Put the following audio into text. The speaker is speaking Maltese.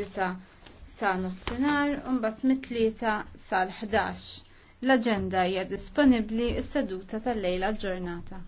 disa sa' nofsinar un bat mitlita sa sal-11. L-agenda hija disponibbli s-seduta tal-lejla ġurnata.